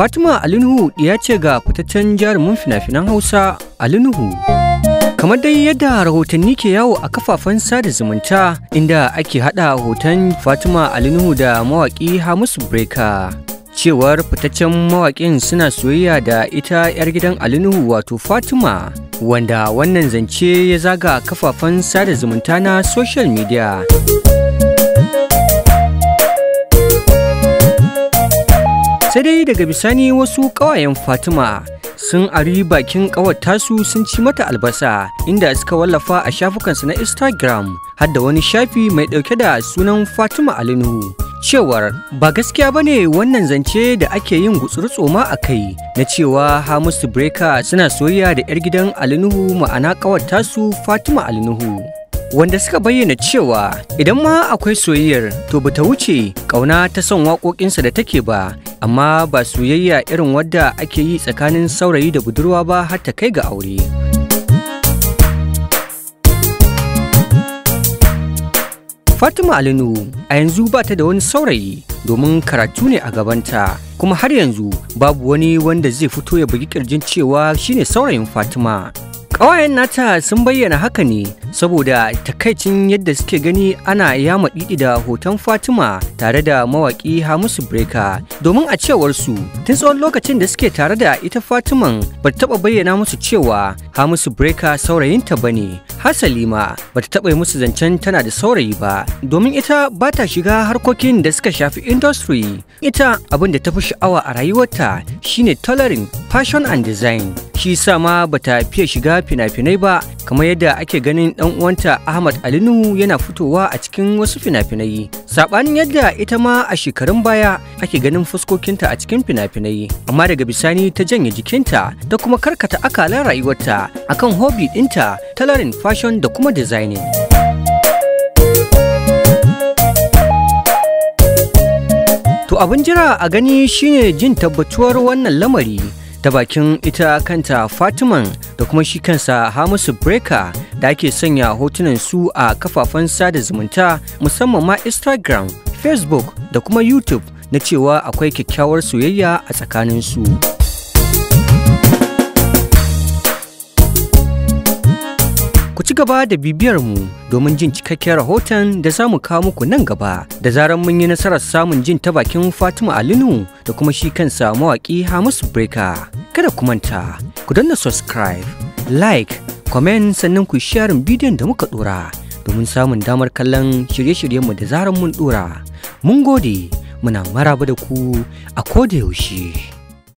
Fatima Alinuhu ya ce ga fitaccen jarumin fina-finan Hausa Alinuhu. Kamar dai yadda rahotanni ke yawo a kafafen sada zumunta inda ake hada hoton Fatima Alinuhu da mawaki Hamisu Breka. Cewar fitaccen mawakin suna soyayya da ita 'yar gidan Alinuhu wato Fatima, wanda wannan zance ya zaga kafafen sada zumunta na social media. sai dai daga bisani wasu ƙawayen fatima sun ari bakin ƙawata su sun ci mata albasa inda suka wallafa a shafukansu na instagram har da wani shafi mai ɗauke da sunan fatima alinu cewar ba gaskiya ba ne wannan zance da ake yin tsoma a kai na cewa hamisu breka suna soyayya da 'yar gidan alinuhu ma'ana kawar tasu fatima alinuhu wanda suka bayyana cewa idan ma akwai soyayyar to bata wuce kauna ta son waƙoƙinsa da take ba amma ba soyayya irin wadda ake yi tsakanin saurayi da budurwa ba har ta kai ga aure. Fatima Alinu a yanzu ba ta da wani saurayi domin karatu ne a gabanta kuma har yanzu babu wani wanda zai fito ya bugi kirjin cewa shine saurayin Fatima. ƙawayen nata sun bayyana haka ne saboda takaicin yadda suke gani ana yama ɗiɗi da hoton fatima tare da mawaƙi hamisu breka domin a cewar su tun tsawon lokacin da suke tare da ita fatiman ba ta taɓa bayyana musu cewa hamisu breka saurayinta ba ne hasali ma ba ta taɓa musu zancen tana da saurayi ba domin ita ba ta shiga harkokin da suka shafi industry ita abin da ta fi sha'awa a rayuwarta shine Tolerin fashion and design shi sama ma bata fiye shiga fina-finai ba kamar yadda ake ganin dan uwanta Ahmad Ali Nuhu yana fitowa a cikin wasu fina-finai sabanin yadda ita ma a shekarun baya ake ganin fuskokinta a cikin fina-finai amma daga bisani ta janye jikinta da kuma karkata akalan rayuwarta akan hobi dinta talarin fashion da kuma designing To abin jira a gani shine jin tabbatuwar wannan lamari ta bakin ita kanta fatiman da kuma shi kansa hamisu Breka da ake sanya hotunan su a kafafen sada zumunta musamman ma instagram facebook da kuma youtube na cewa akwai kyakkyawar soyayya a tsakanin su gaba da bibiyar mu domin jin cikakken rahoton da za mu kawo muku nan gaba da zarar mun yi nasarar samun jin ta bakin Fatima Alinu da kuma shi kansa mawaki Hamisu Breaker. Kada ku manta, ku danna subscribe, like, comment sannan ku sharin bidiyon da muka dora domin samun damar kallon shirye-shiryenmu da zarar mun dora. Mun gode, muna maraba da ku a koda yaushe.